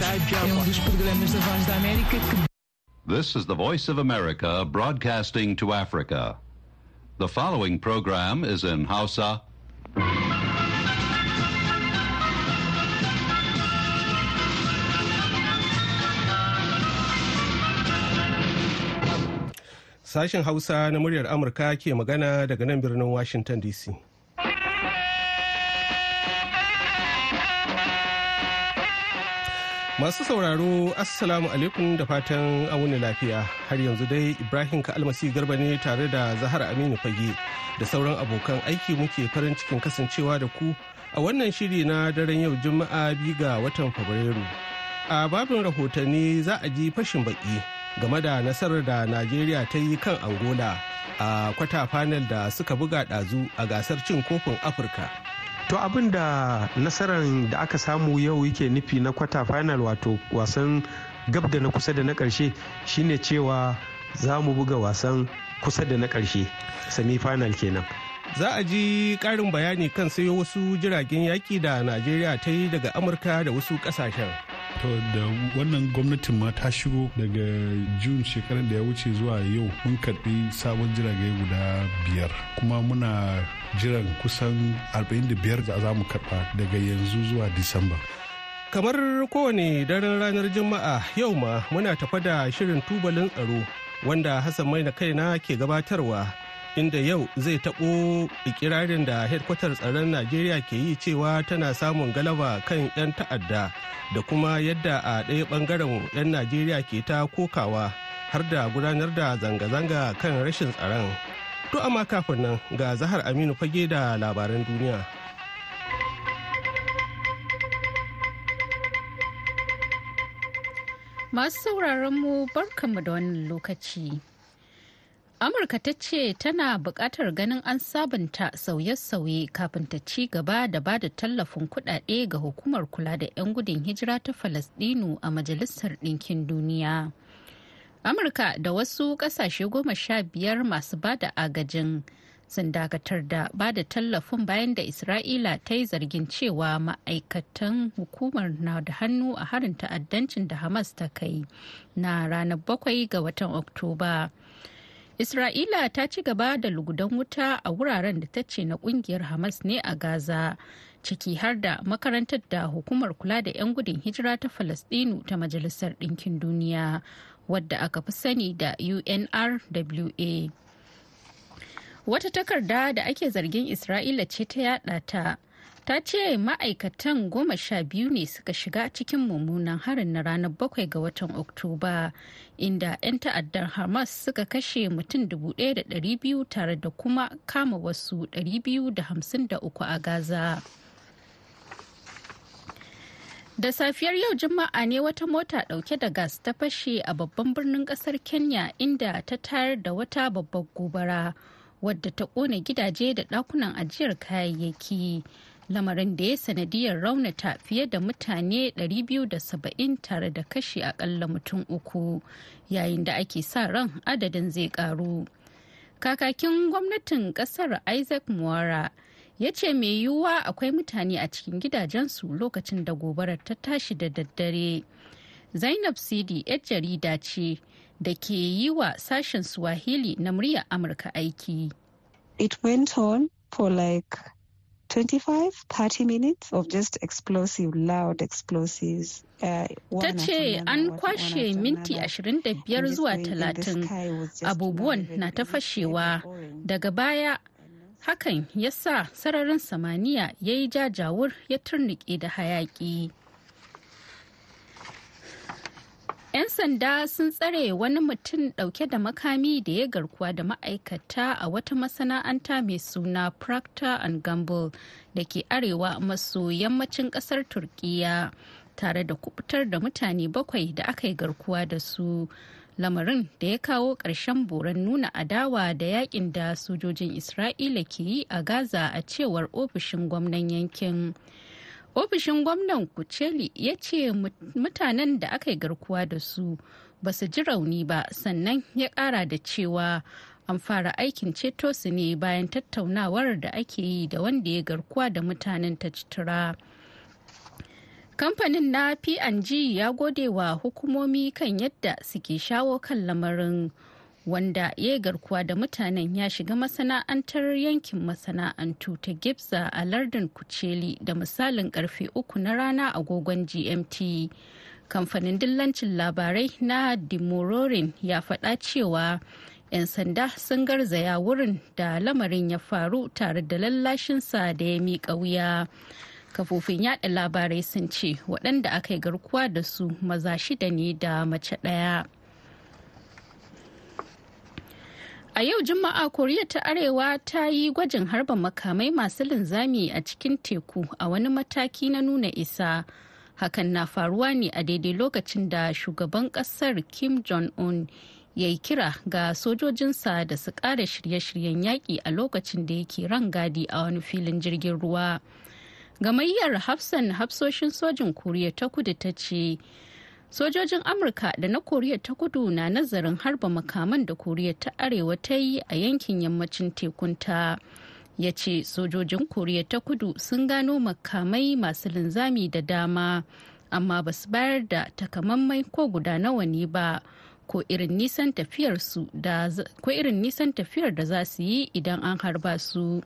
é um dos programas da Voz da América que. This is the Voice of America broadcasting to Africa. The following program is in Hausa. Sashen Hausa na muryar Amurka ke magana daga nan birnin Washington DC. Masu sauraro Assalamu alaikum da fatan wuni lafiya har yanzu dai Ibrahim Ka'almasi Garba ne tare da Zahar Aminu Fage da sauran abokan aiki muke farin cikin kasancewa da ku a wannan shiri na daren yau Juma'a biyu ga watan Fabrairu. A babin rahotanni za a ji fashin baki game da nasarar da Najeriya ta yi kan Angola a kwata fanel da suka buga ɗazu a gasar cin kofin Afirka. to abin da nasarar da aka samu yau yake nufi na kwata final wato wasan gab da na kusa da na karshe shine cewa za mu buga wasan kusa da na karshe semi final kenan za a ji karin bayani kan sai wasu jiragen yaƙi da najeriya ta yi daga amurka da wasu kasashen to da wannan gwamnatin ma ta shigo daga june shekarar da ya wuce zuwa yau mun karbi sabon jirage guda biyar kuma muna jiran kusan 45 da za mu karɓa daga yanzu zuwa disamba kamar kowane daren ranar juma'a yau ma muna tafa da shirin tubalin tsaro wanda hassan mai na kaina ke gabatarwa inda yau zai taɓo ikirarin da hedkwatar tsaron najeriya ke yi cewa tana samun galaba kan 'yan ta'adda da kuma yadda a ɗaya ɓangaren 'yan najeriya ke ta kokawa har da gudanar da zanga-zanga kan rashin tsaron To amma kafin nan ga Zahar Aminu fage da labaran duniya. Masu sauraron mu barkanmu da wannan lokaci. amurka ta ce tana buƙatar ganin an sabunta sauye-sauye kafin ta ci gaba da ba da tallafin kuɗaɗe ga hukumar kula da 'yan gudun hijira ta Falasdinu a majalisar ɗinkin duniya amurka da wasu kasashe goma sha biyar masu bada agajin sun dakatar da bada tallafin bayan da isra'ila ta yi zargin cewa ma'aikatan hukumar na da hannu a harin ta'addancin da hamas ta kai na ranar bakwai ga watan oktoba isra'ila ta ci gaba da lugudan wuta a wuraren da ta ce na kungiyar hamas ne a gaza ciki har da makarantar da hukumar kula da 'yan gudun hijira ta falasdinu ta majalisar ɗinkin duniya wadda aka fi sani da unrwa wata takarda da ake zargin isra'ila ce ta yada ta ta ce ma'aikatan goma sha biyu ne suka shiga cikin mummunan harin na ranar bakwai ga watan oktoba inda 'yan ta'addar hamas suka kashe mutum dubu da biyu tare da kuma kama wasu da da hamsin uku a gaza Da safiyar yau Juma'a ne wata mota dauke da gas ta fashe a babban birnin kasar Kenya inda ta tayar da wata babbar gobara wadda ta kone gidaje da dakunan ajiyar kayayyaki. Lamarin da ya sanadiyar raunata fiye da mutane 270 tare da kashe akalla mutum uku yayin da ake sa ran adadin zai karu. Kakakin gwamnatin kasar Isaac Muwara. ya ce mai yiwuwa akwai mutane a cikin gidajensu lokacin da gobarar ta tashi da daddare zainab sidi 'yar jarida ce da ke yi wa sashen swahili na murya amurka aiki it went on for like 25 30 minutes of just explosive loud explosives uh, ta ce an kwashe minti 25 zuwa 30 abubuwan na ta fashewa daga baya hakan ya sa sararin samaniya ya yi jajawur ya turnike da hayaki. 'Yan sanda sun tsare wani mutum dauke da makami da ya garkuwa da ma'aikata a wata masana'anta mai suna Proctor and Gamble da ke arewa maso yammacin kasar turkiya tare da kubutar da mutane bakwai da aka yi garkuwa da su. lamarin da ya kawo ƙarshen boran nuna adawa da yakin da sojojin isra'ila ke yi a gaza a cewar ofishin gwamnan yankin ofishin gwamnan kuceli ya ce mutanen da aka yi garkuwa da su ba su ji rauni ba sannan ya ƙara da cewa an fara aikin ceto su ne bayan tattaunawar da ake yi da wanda ya garkuwa da mutanen ta citura. kamfanin na png ya gode wa hukumomi kan yadda suke shawo kan lamarin wanda ya garkuwa da mutanen ya shiga masana'antar yankin masana'antu ta gibza a lardin kuceli da misalin karfe uku na rana agogon gmt kamfanin dillancin labarai na dimororin ya faɗa cewa 'yan sanda sun garzaya wurin da lamarin ya faru tare da lallashinsa da ya miƙa wuya kafofin yada labarai sun ce waɗanda aka yi garkuwa da su maza shida ne da mace ɗaya. A yau Juma'a Koriya ta Arewa ta yi gwajin harba makamai masu linzami a cikin teku a wani mataki na nuna isa. Hakan na faruwa ne a daidai lokacin da shugaban kasar Kim Jong-un ya yi kira ga sojojinsa da su ƙara shirye-shiryen yaƙi a lokacin da yake rangadi a wani filin jirgin ruwa. gamayyar hafsan hafsoshin sojin koriya ta kudu ta ce sojojin amurka da na koriya ta kudu na nazarin harba makaman da koriya ta arewa ta yi a yankin yammacin tekunta ya ce sojojin koriya ta kudu sun gano makamai masu linzami da dama amma ba su bayar da takamammai ko guda nawa ne ba ko irin nisan tafiyar da za su yi idan an harba su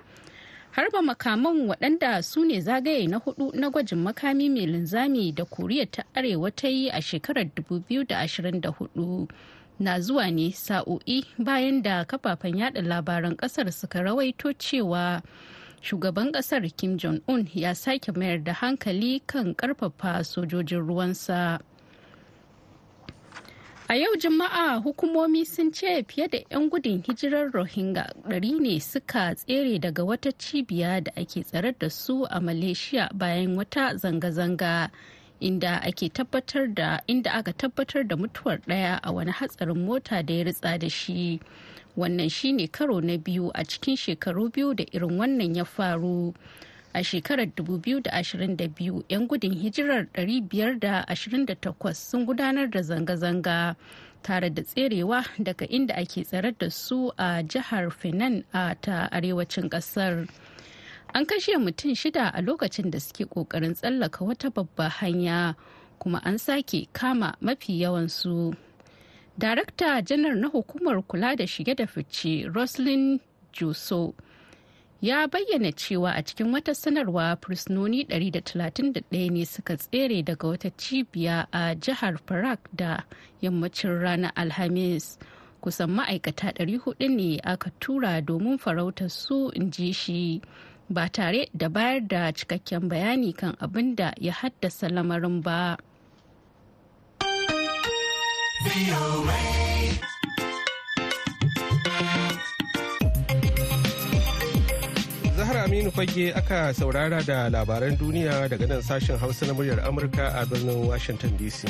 harba makaman waɗanda su ne zagaye na hudu na gwajin makami mai linzami da koriya ta arewa ta yi a shekarar 2024 na zuwa ne sa'o'i bayan da kafafen yada labaran kasar suka rawaito cewa shugaban kasar kim jong-un ya sake mayar da hankali kan karfafa sojojin ruwansa. A yau Juma'a hukumomi sun ce fiye da 'yan gudun hijirar Rohingya ɗari ne suka tsere daga wata cibiya da ake tsare da su a Malaysia bayan wata zanga-zanga inda ake tabbatar da inda aka tabbatar da mutuwar ɗaya a wani hatsarin mota da ya ritsa da shi. Wannan shine karo na biyu a cikin shekaru biyu da irin wannan ya faru. a shekarar 2022 'yan gudun hijirar 528 sun gudanar da zanga-zanga tare da tserewa daga inda ake tsare da su a jihar finan a ta arewacin kasar an kashe mutum shida a lokacin da suke kokarin tsallaka wata babba hanya kuma an sake kama mafi yawansu darakta janar na hukumar kula da shige da fice roslyn juso ya bayyana cewa a cikin wata sanarwa fursunoni 131 ne suka tsere daga wata cibiya a jihar farak da yammacin ranar alhamis kusan ma'aikata 400 ne aka tura domin farautar su in ji shi ba tare da bayar da cikakken bayani kan abin da ya haddasa lamarin ba. Aminu Fage aka saurara da labaran duniya daga nan sashen Hausa na muryar Amurka a birnin Washington DC.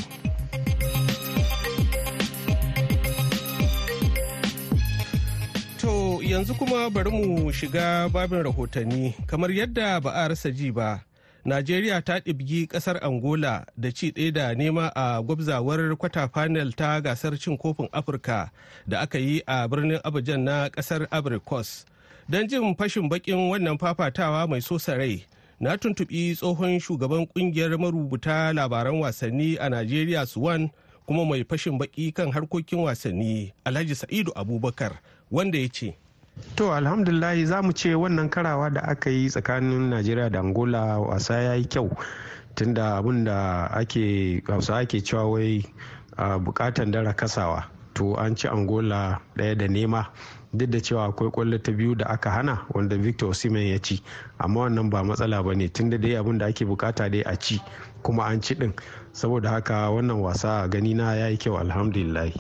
To yanzu kuma bari mu shiga babin rahotanni kamar yadda ba a rasa ji ba. Najeriya ta ɗibgi ƙasar Angola da ci ɗaya da nema a gwabzawar kwata panel ta gasar cin kofin Afirka da aka yi a birnin abuja na ƙasar Abrikos. don jin fashin bakin wannan fafatawa mai sosa rai na tuntuɓi tsohon shugaban kungiyar marubuta labaran wasanni a najeriya suwan kuma mai fashin baki kan harkokin wasanni alhaji sa'idu abubakar wanda ya ce To alhamdulahi za mu ce wannan karawa da aka yi tsakanin Najeriya da Angola wasa ya yi kyau tunda abin da ake hausa ake cewa wai ah, bukatan dara kasawa to an ci Angola ɗaya da nema duk da cewa akwai kwallo ta biyu da aka hana wanda victor osimhen ya ci amma wannan ba matsala ba ne tunda dai abin da ake bukata dai a ci kuma an ci din saboda haka wannan wasa gani na ya yi kyau alhamdulillah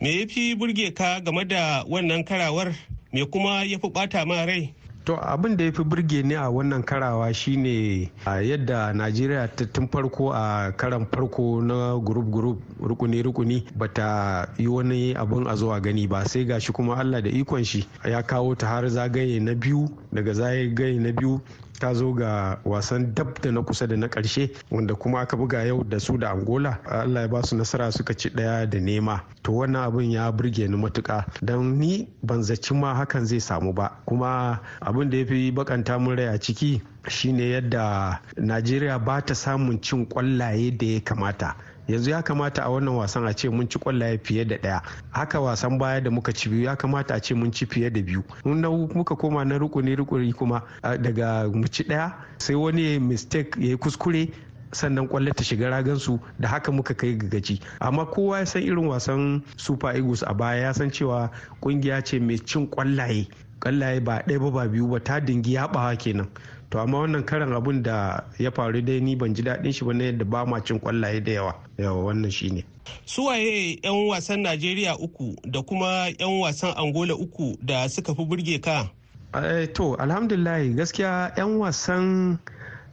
me yafi burge ka game da wannan karawar me kuma ya fi bata ma rai To abin da ya fi burge ni a wannan karawa shine a yadda Najeriya ta tun farko a karan farko na gurup gurup rukuni rukuni ba ta yi wani abin a zuwa gani ba sai gashi kuma Allah da ikon shi ya kawo ta har zagaye na biyu daga zagaye na biyu ta zo ga wasan dab da na kusa da na karshe wanda kuma aka buga yau da su da angola allah ya ba su nasara suka ci daya da nema to wannan abin ya burge ni matuka don ni ban zaci ma hakan zai samu ba kuma abin da ya fi bakanta mun rai a ciki shine yadda najeriya ba ta samun cin kwallaye da ya kamata yanzu ya kamata a wannan wasan a ce mun ci kwallaye fiye da ɗaya haka wasan baya da muka ci biyu ya kamata a ce mun ci fiye da biyu na muka koma na rukuni rukuni kuma daga mu ci ɗaya sai wani mistake ya yi kuskure sannan kwallo ta shiga ragansu da haka muka kai gaji amma kowa ya san irin wasan super eagles a baya ya san cewa kungiya ce mai cin kwallaye kwallaye ba ɗaya ba biyu ba ta dingi yabawa kenan to amma wannan karan abun da ya faru dai ni ban ji daɗin shi ba na yadda ba ma cin kwallaye da yawa yawa wannan shine suwaye 'yan wasan najeriya uku da kuma 'yan wasan angola uku da suka fi burge ka eh, to alhamdulillah gaskiya 'yan wasan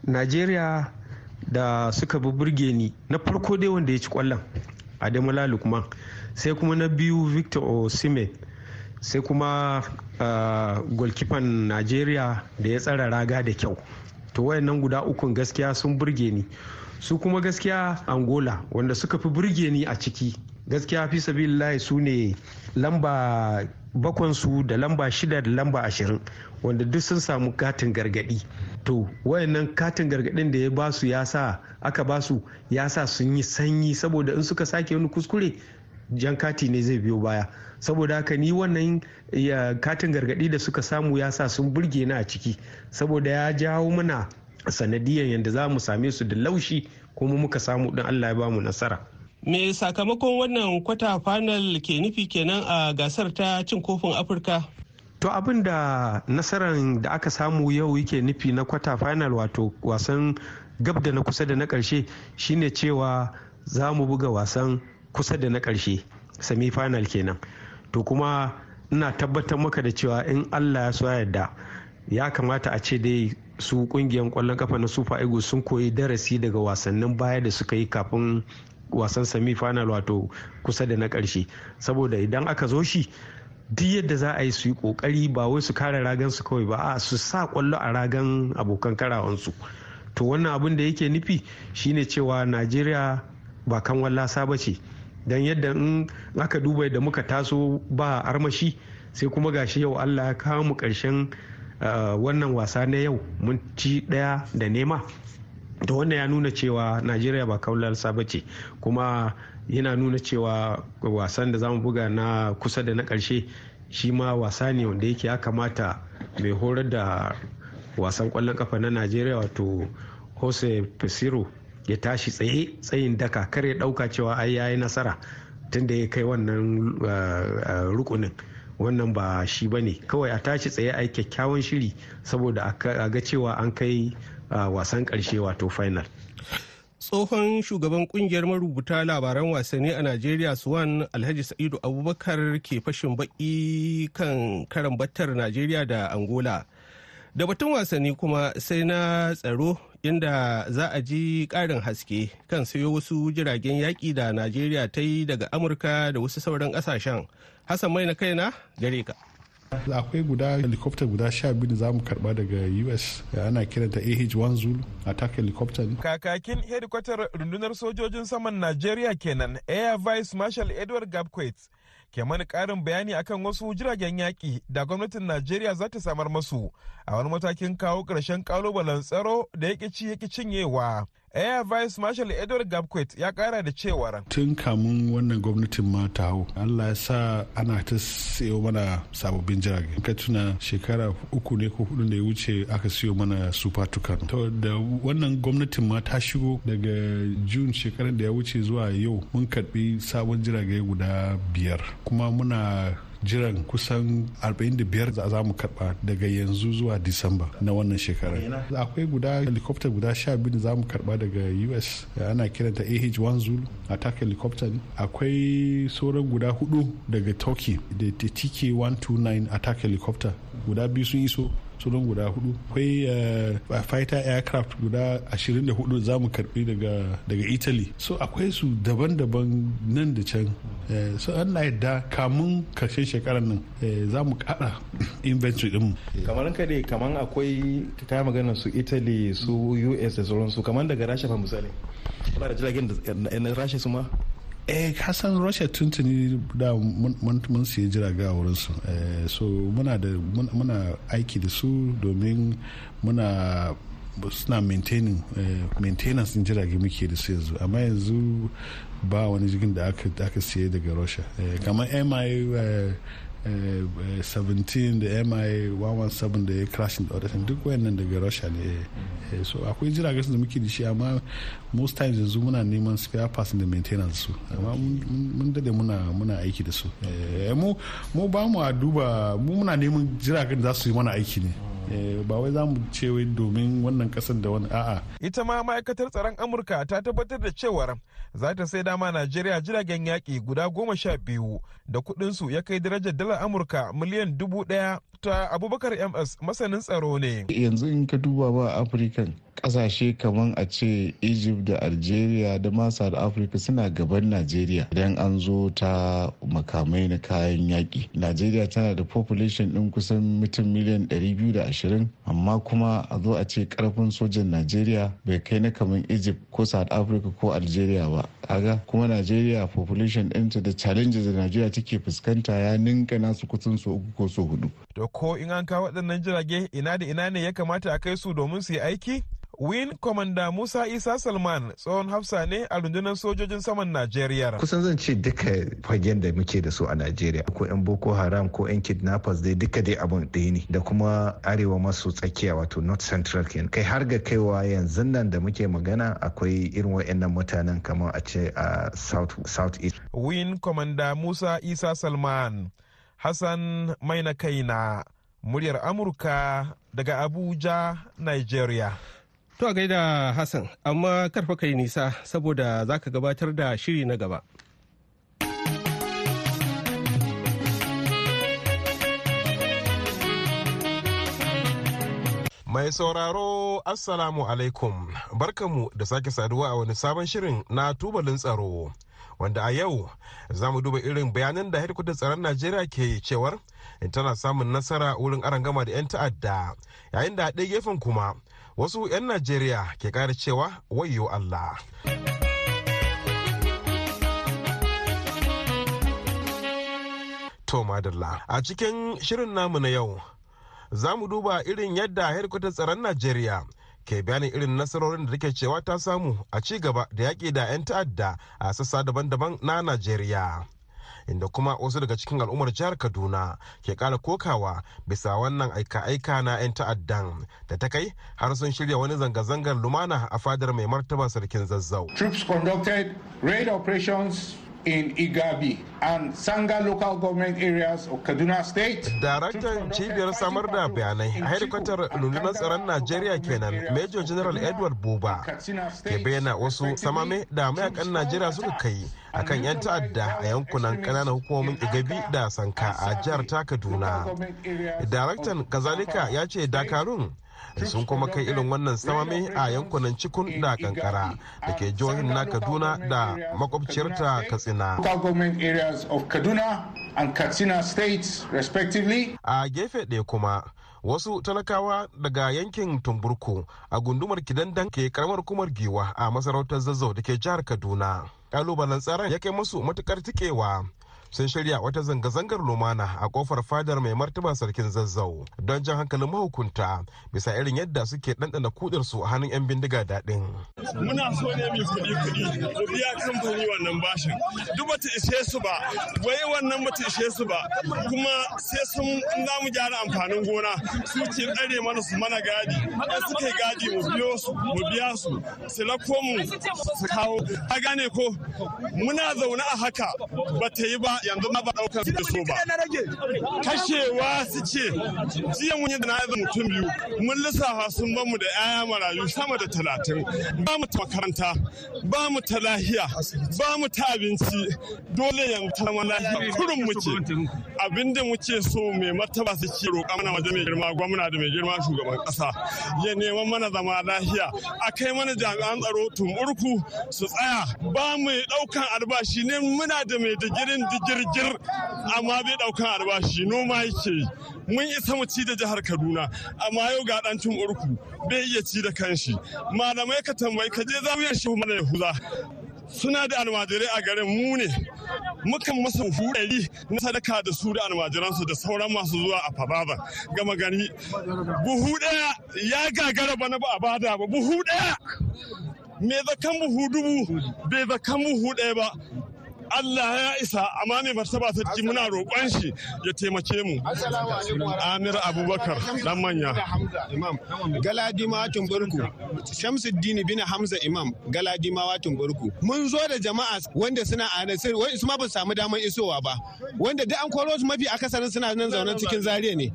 najeriya da suka fi burge ni na farko dai wanda ya ci kwallon ademola lukman sai kuma na biyu victor osimhen sai kuma ah, golkifan najeriya da ya tsara raga da kyau to wayannan guda ukun gaskiya sun burge ni su kuma gaskiya angola wanda suka fi burge ni a ciki gaskiya fi sabilillahi su ne lamba bakwansu da lamba shida da lamba ashirin wanda duk sun samu katin gargadi to wayannan katin gargadin da ya basu ya sa aka basu ya sa sun yi sanyi saboda in suka sake wani kuskure jan kati ne zai biyo baya saboda haka ni wannan katin gargadi da suka samu ya sa sun burge ni a ciki saboda ya jawo mana sanadiyan yadda za mu same su da laushi kuma muka samu don allah ya ba mu nasara me sakamakon wannan kwata final ke nufi kenan a gasar ta cin kofin afirka to abin da nasarar da aka samu yau yake nufi na kwata final wato wasan gab da na kusa da na karshe shine cewa za mu buga wasan kusa da na ƙarshe semi final kenan to kuma ina tabbatar maka da cewa in allah ya so yadda ya kamata a ce dai su ƙungiyar kwallon kafa na super eagles sun koyi darasi daga wasannin baya da suka yi kafin wasan semi final wato kusa da na ƙarshe saboda idan aka zo shi duk yadda za a yi su yi kokari ba wai su kare ragan su kawai ba a su sa kwallo a ragan abokan karawansu to wannan abin da yake nufi shine cewa najeriya ba kan wallasa ba ce dan yadda in aka duba da muka taso ba armashi sai kuma gashi yau allah ya kawo mu karshen eh, wannan wasa na yau mun ci daya da nema da wannan ya nuna cewa najeriya ba kaular saba ce kuma yana nuna cewa wasan da zamu buga na kusa da na karshe shi ma wasa ne wanda yake ya kamata mai horar da wasan kwallon kafa na najeriya wato jose pesiro ya tashi tsaye tsayin daka kar ya ɗauka cewa ai yayi nasara tunda ya kai wannan eh, eh, rukunin wannan ba shi ba ne kawai a tashi tsaye a kyakkyawan shiri saboda a ga cewa an kai eh, wasan karshe wato final tsohon shugaban kungiyar marubuta labaran wasanni a najeriya suwan alhaji sa'idu abubakar ke fashin baki kan karambatar najeriya da angola da batun wasanni kuma sai na tsaro inda za a ji ƙarin haske kan sayo wasu jiragen yaƙi da najeriya ta yi daga amurka da wasu sauran kasashen hassan mai na kaina gare ka akwai guda helicopter guda sha biyu da za mu karba daga us ana kiranta ah-1 zulu attack helicopter ne kakakin hedikwatar rundunar sojojin saman najeriya kenan air vice marshal edward gabquet ke mani karin bayani akan wasu jiragen yaƙi da gwamnatin Najeriya za ta samar masu a wani matakin kawo ƙarshen ƙalubalen tsaro da yaƙi ci yaƙi cinyewa. Air Vice Marshal Edward Gabquet ya kara da cewar. Tun kamun wannan gwamnatin ma ta hau, Allah ya sa ana ta siyo mana sababbin jirage. Ka tuna shekara uku ne ko hudu da ya wuce aka siyo mana Super Tucano. To da wannan gwamnatin ma ta shigo daga June shekarar da ya wuce zuwa yau mun karbi sabon jirage guda biyar. Kuma muna jiran kusan 45 za mu karba daga yanzu zuwa disamba na wannan shekarar akwai guda helicopter guda sha biyu da za mu karba daga us ana kiranta ah-1 zulu attack helicopter akwai sauran guda hudu daga turkey da tk-129 attack helicopter guda biyu sun iso sunan guda hudu akwai eh, fighter aircraft guda 24 za mu karbi daga italy so akwai su daban-daban nan da can eh, so an na yadda kamun karshen shekarar nan eh, za mu kara inventory din kamar ka dai kamar akwai ta magana su italy su us da sauransu kamar daga rasha fa misali da jiragen da rasha su ma eh kasan russia tuntuni da mun siya jirage a wurinsu eh, so muna da muna aiki da su domin muna suna maintaining eh, maintenance din jirage muke da su yanzu amma yanzu ba wani jirgin da aka siya daga russia eh, kamar mi 17 da mi 117 da ya crashing da odatan duk wayannan daga russia ne eh, eh, so akwai jiragen da muke da shi amma most times yanzu muna neman spare parts da maintenance su amma mun dade muna aiki da su eh, mu ba mu a duba mu muna neman jiragen za su yi mana aiki ne Eh, ba wai za mu ce wai domin wannan kasar da wani a'a ita ma ma'aikatar tsaron amurka ta tabbatar da cewar za ta sai dama najeriya jiragen yaƙi guda goma sha biyu da kuɗin su ya kai darajar dalar amurka miliyan dubu ɗaya ta abubakar ms masanin tsaro ne yanzu in ka duba ba afirka. kasashe kamar a ce egypt da algeria da masu south africa suna gaban nigeria idan an zo ta makamai na kayan yaki nigeria tana da population ɗin kusan mutum miliyan 220 amma kuma a zo a ce karfin sojan nigeria bai kai na kamar egypt ko south africa ko algeria ba kaga kuma nigeria population ta da challenges da nigeria take fuskanta ya ninka nasu kusan so uku ko so hudu to ko in an kawo waɗannan jirage ina da ina ne ya kamata a kai su domin su yi aiki Win Komanda Musa Isa Salman tsohon hafsa ne a rundunar sojojin saman Najeriya. Kusan zan ce duka fagen da muke da su a Najeriya ko 'yan Boko Haram ko 'yan kidnappers dai duka dai abun ɗaya ne da kuma arewa masu tsakiya wato North Central ken kai har ga kaiwa yanzu nan da muke magana akwai irin wa'annan mutanen kamar a ce a South South East. Win Commander Musa Isa Salman Hassan Maina Kaina muryar Amurka daga Abuja, Nigeria. To a gaida Hassan, amma karfa kai nisa saboda za ka gabatar da shiri na gaba. Mai sauraro Assalamu alaikum, barkamu da sake saduwa a wani sabon shirin na tubalin tsaro. Wanda a yau za mu duba irin bayanan da hedkwatar tsaron Najeriya ke cewar tana samun nasara wurin arangama da 'yan ta'adda yayin da ɗaya gefen kuma wasu 'yan najeriya ke ƙara cewa wayo allah to madalla a cikin shirin namu na yau za mu duba irin yadda hedkwatar tsaron najeriya ke bayanin irin nasarorin da take cewa ta samu a ci gaba da yaƙi da 'yan ta'adda a sassa daban-daban na najeriya inda kuma wasu daga cikin al'ummar jihar kaduna ke kara kokawa bisa wannan aika-aika na 'yan ta'addan da ta kai har sun shirya wani zanga-zangar lumana a fadar mai martaba sarkin zazzau troops conducted raid operations in Igabi and Sanga local government areas of Kaduna State. Daraktan cibiyar samar da bayanai a hedikwatar rundunar tsaron Najeriya kenan Major General Edward Buba ke bayyana wasu samame da mayakan Najeriya suka kai akan 'yan ta'adda a yankunan kananan hukumomin Igabi da Sanka a jihar ta Kaduna. Daraktan kazalika ya ce Dakarun sun kuma kai irin wannan samami a yankunan cikun da kankara da ke jihohin na kaduna da makwabciyarta katsina a gefe ɗaya kuma wasu talakawa daga yankin tumburku a gundumar kidandan ke karamar kumar giwa a masarautar zazzau da ke jihar kaduna kalubalen tsaron ya kai masu matukar tikewa sun shirya wata zanga-zangar lumana a kofar fadar mai martaba sarkin zazzau don jan hankalin mahukunta bisa irin yadda suke ɗanɗana kudin su a hannun 'yan bindiga daɗin. muna so ne mai kuɗi kuɗi mu biya kamfani wannan bashin duk bata ishe su ba wai wannan bata ishe su ba kuma sai sun za mu gyara amfanin gona su ce ɗare mana su mana gadi in suka gadi mu biyo su mu biya su su lako mu su kawo a gane ko muna zaune a haka bata yi ba yanzu ma ba daukar da so ba kashewa su ce jiya mun yi da na'izar mutum biyu mun lissafa sun bamu da 'ya'ya marayu sama da talatin ba mu ta makaranta ba mu ta lahiya ba mu ta abinci dole yanzu ta zama lahiya kurun muke abin da muke so mai martaba su ce roƙa mana wajen mai girma gwamna da mai girma shugaban ƙasa ya neman mana zama lahiya a kai mana jami'an tsaro tumurku su tsaya ba mu ɗaukan albashi ne muna da mai digirin digirin. girgir amma bai ɗaukan albashi noma yake yi mun isa mu ci da jihar kaduna amma yau ga ɗancin urku bai iya ci da kanshi malamai ka tambayi ka je mu shi mana yahuza suna da almajirai a garin mu ne mukan masa hurari na sadaka da su da almajiransu da sauran masu zuwa a fababa gama gani buhu daya ya gagara bana ba a bada ba buhu daya me zakan buhu dubu bai zakan buhu daya ba Allah ya isa amma mai martaba sarki muna roƙon shi ya taimake mu. Amir Abubakar dan manya. Imam Galadima Tumburku Shamsuddin bin Hamza Imam Galadima Tumburku. Mun zo da jama'a wanda suna a Nasir wai su ma ba samu damar isowa ba. Wanda duk an koro su mafi akasarin suna nan zaune cikin zariya ne.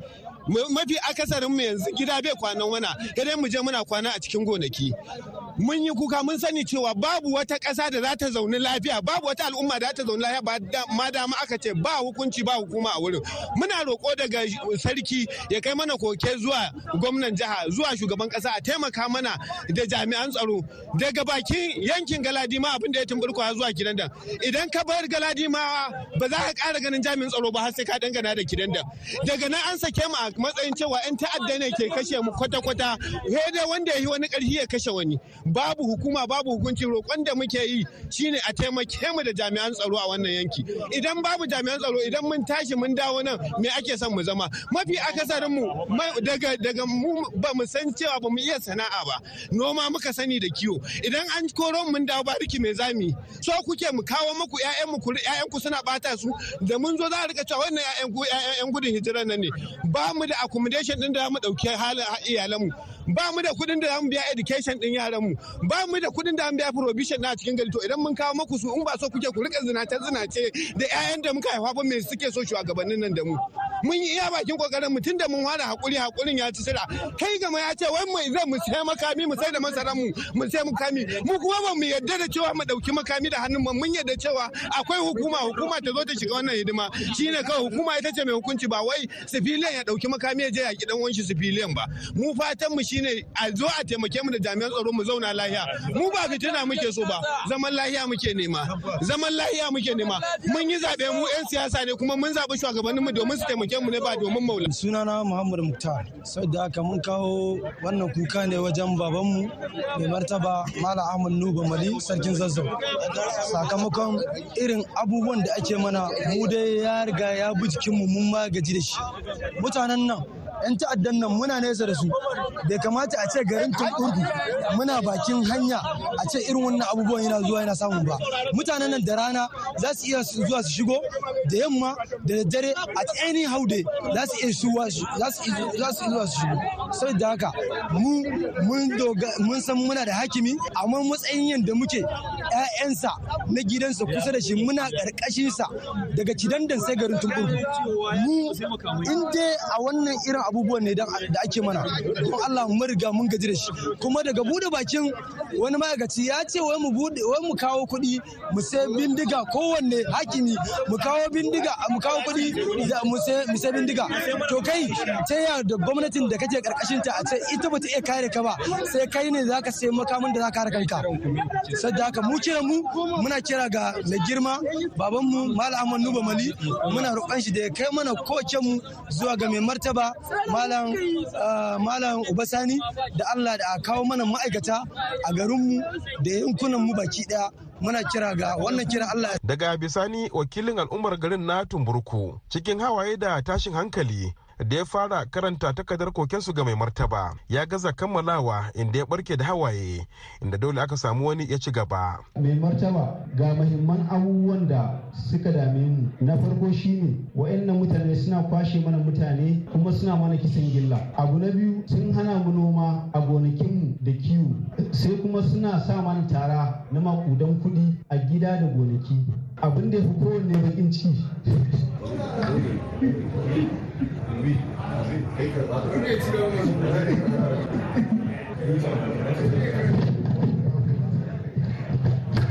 mafi akasarin mu yanzu gida bai kwanan wana dai mu je muna kwana a cikin gonaki mun yi kuka mun sani cewa babu wata ƙasa da za ta zaune lafiya babu wata al'umma da za ta zaune lafiya ba dama aka ce ba hukunci ba hukuma a wurin muna roƙo daga sarki ya kai mana koke zuwa gwamnan jiha zuwa shugaban ƙasa a taimaka mana da jami'an tsaro daga bakin yankin galadima abin da ya tumburkuwa zuwa gidan da idan ka bar galadima ba za ka ƙara ganin jami'in tsaro ba har sai ka dangana da gidan da daga nan an sake mu a matsayin cewa 'yan ta'adda ne ke kashe mu kwata-kwata da wanda ya yi wani ƙarfi ya kashe wani babu hukuma babu hukuncin roƙon da muke yi shine a taimake mu da jami'an tsaro a wannan yanki idan babu jami'an tsaro idan mun tashi mun dawo nan me ake son mu zama mafi akasarin mu daga daga mu ba mu san cewa ba mu iya sana'a ba noma muka sani da kiwo idan an koro mun dawo bariki me zami so kuke mu kawo muku ƴaƴan mu ƴaƴan ku suna bata su da mun zo za a rika cewa wannan ƴaƴan ku gudun hijira nan ne ba mu da accommodation din da mu dauki halin iyalanmu ba mu da kuɗin da mu biya education din mu ba mu da kuɗin da mu biya provision na cikin gari to idan mun kawo maku su in ba so kuke ku rika zinace zinace da 'ya'yan da muka haifa ba me suke so shugabannin nan da mu mun yi iya bakin kokarin mu tunda mun fara hakuri hakurin ya ci sira kai gama ya ce wai mai zai mu sai makami mu sai da masaran mu mu sai makami mu kuma ba mu yarda da cewa mu dauki makami da hannun mu mun yadda cewa akwai hukuma hukuma ta zo ta shiga wannan hidima shine kawai hukuma ita ce mai hukunci ba wai civilian ya dauki makami ya je ya kidan wanshi civilian ba mu fatan mu shine a zo a taimake mu da jami'an tsaro mu zauna lafiya mu ba fitina muke so ba zaman lafiya muke nema zaman lafiya muke nema mun yi zabe mu yan siyasa ne kuma mun zabi shugabanninmu domin su taimake taimake mu ne ba domin maula. na Muhammad Muktar. da aka mun kawo wannan kuka ne wajen baban mu mai martaba Malam Ahmad Nuba Mali sarkin Zazzau. Sakamakon irin abubuwan da ake mana mu dai ya riga ya bi mu mun magaji da shi. Mutanen nan 'yan ta'addan nan muna nesa da su bai kamata a ce garin tunkurdu muna bakin hanya a ce irin wannan abubuwan yana zuwa yana samun ba mutanen nan da rana za su iya zuwa su shigo da yamma da daddare at any how day za su iya zuwa su shigo sai da haka mu mun san muna da hakimi amma matsayin yadda muke Ƴaƴansa na gidansa kusa da shi muna ƙarƙashinsa daga cidandan sai garin tumbundu mu in dai a wannan irin abubuwan ne da ake mana don Allah mu riga mun gaji da shi kuma daga bude bakin wani ma'aikaci ya ce wai mu bude wai mu kawo kuɗi mu sai bindiga kowanne hakimi mu kawo bindiga mu kawo kuɗi mu sai mu sai bindiga to kai ta ya da gwamnatin da kake ƙarƙashin ta a ce ita bata iya kare ka ba sai kai ne zaka sai makamin da zaka kare kanka da haka mu cire mu muna kira ga mai girma babanmu malam ahmad nuba mali muna roƙon shi da ya kai mana kowace mu zuwa ga mai martaba malam ah, malam ubasani da allah da a kawo mana ma'aikata a garinmu da yankunan mu baki daya muna kira ga wannan kira Allah. Daga bisani wakilin al'ummar garin na Tumburku cikin hawaye da tashin hankali da ya fara karanta takardar kokensu ga mai martaba ya gaza kammalawa inda ya barke da hawaye inda dole aka samu wani ya ci gaba mai martaba ga mahimman abubuwan da suka dame mu na farko shine wa'annan mutane suna kwashe mana mutane kuma suna mana kisan gilla abu na biyu sun hana mu noma a gonakinmu da kiwo sai kuma suna sa mana tara na makudan kuɗi a gida da gonaki abin da ya fi kowanne bakin ci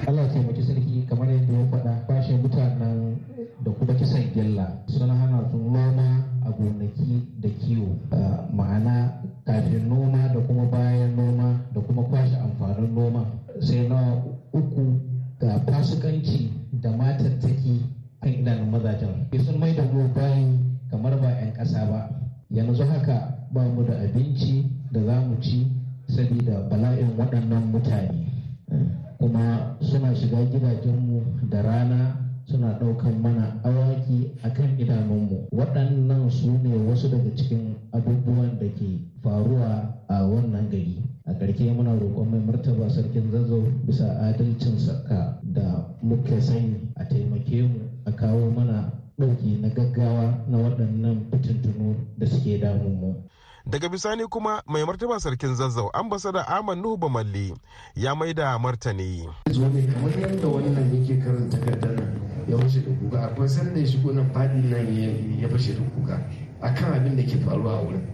Allah taimaki sarki kamar yadda ya faɗa fashin mutanen da kuma kisan gyalla sun hana sun noma a gonaki da kiwo ah, ma'ana kafin noma sani kuma mai martaba sarkin zazzau ambasada ahmad nuhu bamalli ya mai da martani kamar yadda wannan yake karin takardar nan ya fashe da kuka akwai sanda ya shigo nan fadi nan ya fashe da kuka akan abin da ke faruwa a wurin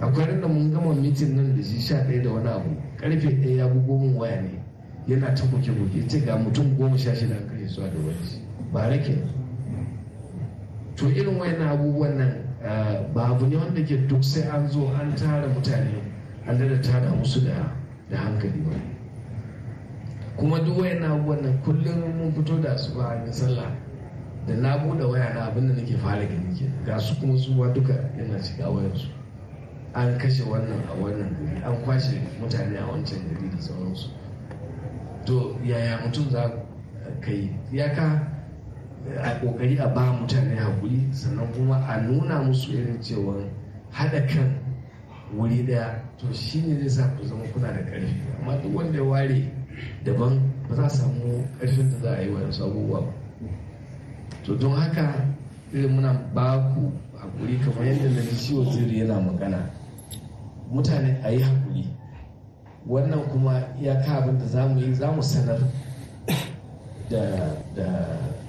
akwai randa mun gama mitin nan da shi sha ɗaya da wani abu karfe ɗaya ya bugo min waya ne yana ta koke koke ce ga mutum goma sha shida an kashe da wani ba rake to irin wayannan abubuwan nan Eh, ba abu ne wanda ke duk sai an zo an tara mutane an da tara musu da hankali ba kuma duk wayan abubuwan nan kullum mun fito da su ba an sallah da na bude waya na abin da nake fara gani ke ga su kuma su ba duka yana shiga wayar su an kashe wannan a wannan gari an kwashe mutane a wancan gari da sauransu to yaya mutum za ka yi ya ka a kokari a ba mutane hakuri sannan kuma a nuna musu irin cewa haɗa kan wuri daya to shi ne zai sa ku zama kuna da ƙarfi amma duk wanda ya ware daban ba za a samu ƙarfin da za a yi wa yansu abubuwa ba to don haka irin muna ba ku hakuri kamar yadda na ji ciwo ziri yana magana mutane a yi hakuri wannan kuma iyaka abin da za mu yi za mu sanar da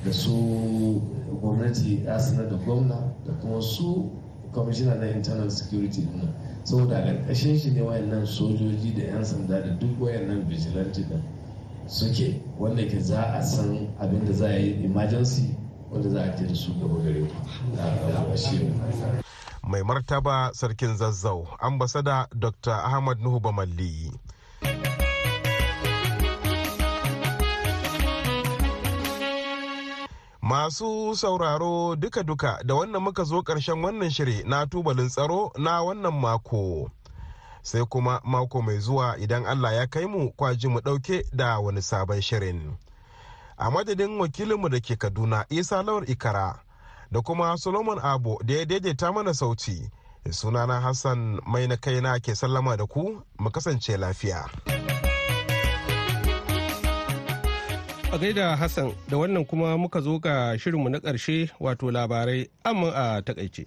da su gwamnati ya sanar da gwamna da kuma su kwamishina na internal security nuna saboda ƙarƙashin shi ne wayannan sojoji da 'yan sanda da duk wayannan vigilante din suke wanda ke za a san abin da za a yi emergency wanda za a je da su gaba gare mai martaba sarkin zazzau ambasada dr ahmad nuhu bamalli Masu sauraro duka-duka da wannan muka zo ƙarshen wannan shiri na tubalin tsaro na wannan mako. Sai kuma mako mai zuwa idan Allah ya kai mu kwaji mu ɗauke da wani sabon shirin. A madadin wakilinmu da ke Kaduna Isa Lawar Ikara da kuma Solomon abu da ya daidaita mana sauti. Sunana Hassan mai na kaina ke sallama da ku mu kasance lafiya. a gaida Hassan da wannan kuma muka zo ga shirinmu na ƙarshe wato labarai amma a takaice.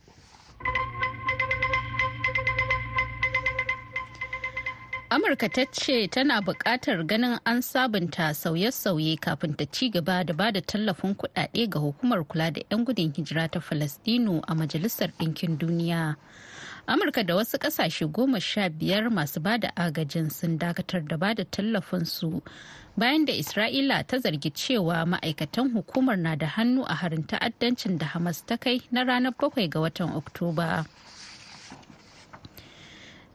Amurka ta ce tana buƙatar ganin an sabunta sauye-sauye kafin ta ci gaba da ba da tallafin kuɗaɗe ga hukumar kula da 'yan gudun hijira ta falastino a Majalisar Ɗinkin Duniya. amurka da wasu kasashe goma sha biyar masu ba da agajin sun dakatar da bada tallafinsu bayan da isra'ila ta zargi cewa ma'aikatan hukumar na da hannu a harin ta'addancin da hamas ta kai na ranar 7 ga watan oktoba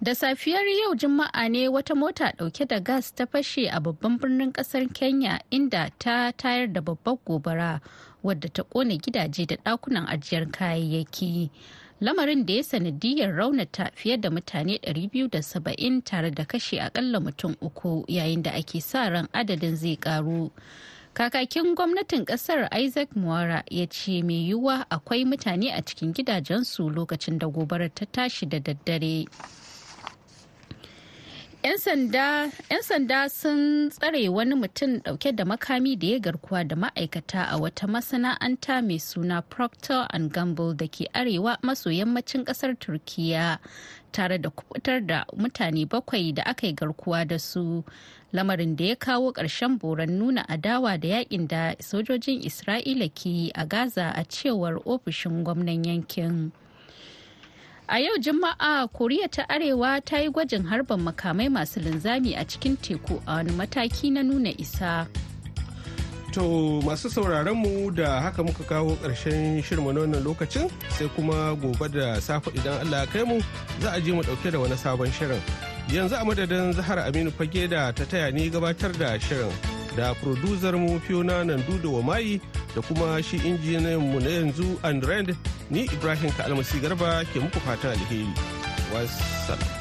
Da safiyar yau Juma'a ne wata mota dauke da gas ta fashe a babban birnin kasar Kenya inda ta tayar da babbar gobara wadda ta kone gidaje da dakunan ajiyar kayayyaki. lamarin da ya sanadiyar raunata fiye da mutane 270 tare da kashe akalla mutum uku yayin da ake sa ran adadin zai karu kakakin gwamnatin kasar isaac muara ya ce mai yiwuwa akwai mutane a cikin gidajensu lokacin da gobarar ta tashi da daddare. 'Yan sanda sun tsare wani mutum dauke da makami da ya garkuwa da ma'aikata a wata masana'anta mai suna proctor and Gamble da ke arewa maso yammacin kasar Turkiya tare da kubutar da mutane bakwai da aka yi garkuwa da su. Lamarin da ya kawo ƙarshen boran nuna adawa da yakin da sojojin Isra'ila ke a Gaza a cewar ofishin gwamnan yankin. A yau Juma'a, Koriya ta Arewa ta yi gwajin harban makamai masu linzami a cikin teku a wani mataki na nuna isa. To masu sauraron mu da haka muka kawo ƙarshen shirma na wannan lokacin sai kuma gobe da safe idan Allah ya kai mu za a je mu ɗauke da wani sabon shirin. Yanzu a madadin Zahar Aminu Fage da ta taya ni gabatar da shirin da producer mu Fiona Nandu da da kuma shi injiniyan mu na yanzu Andred ni ibrahim ka almasi garba ke muku fatan alheri wassalam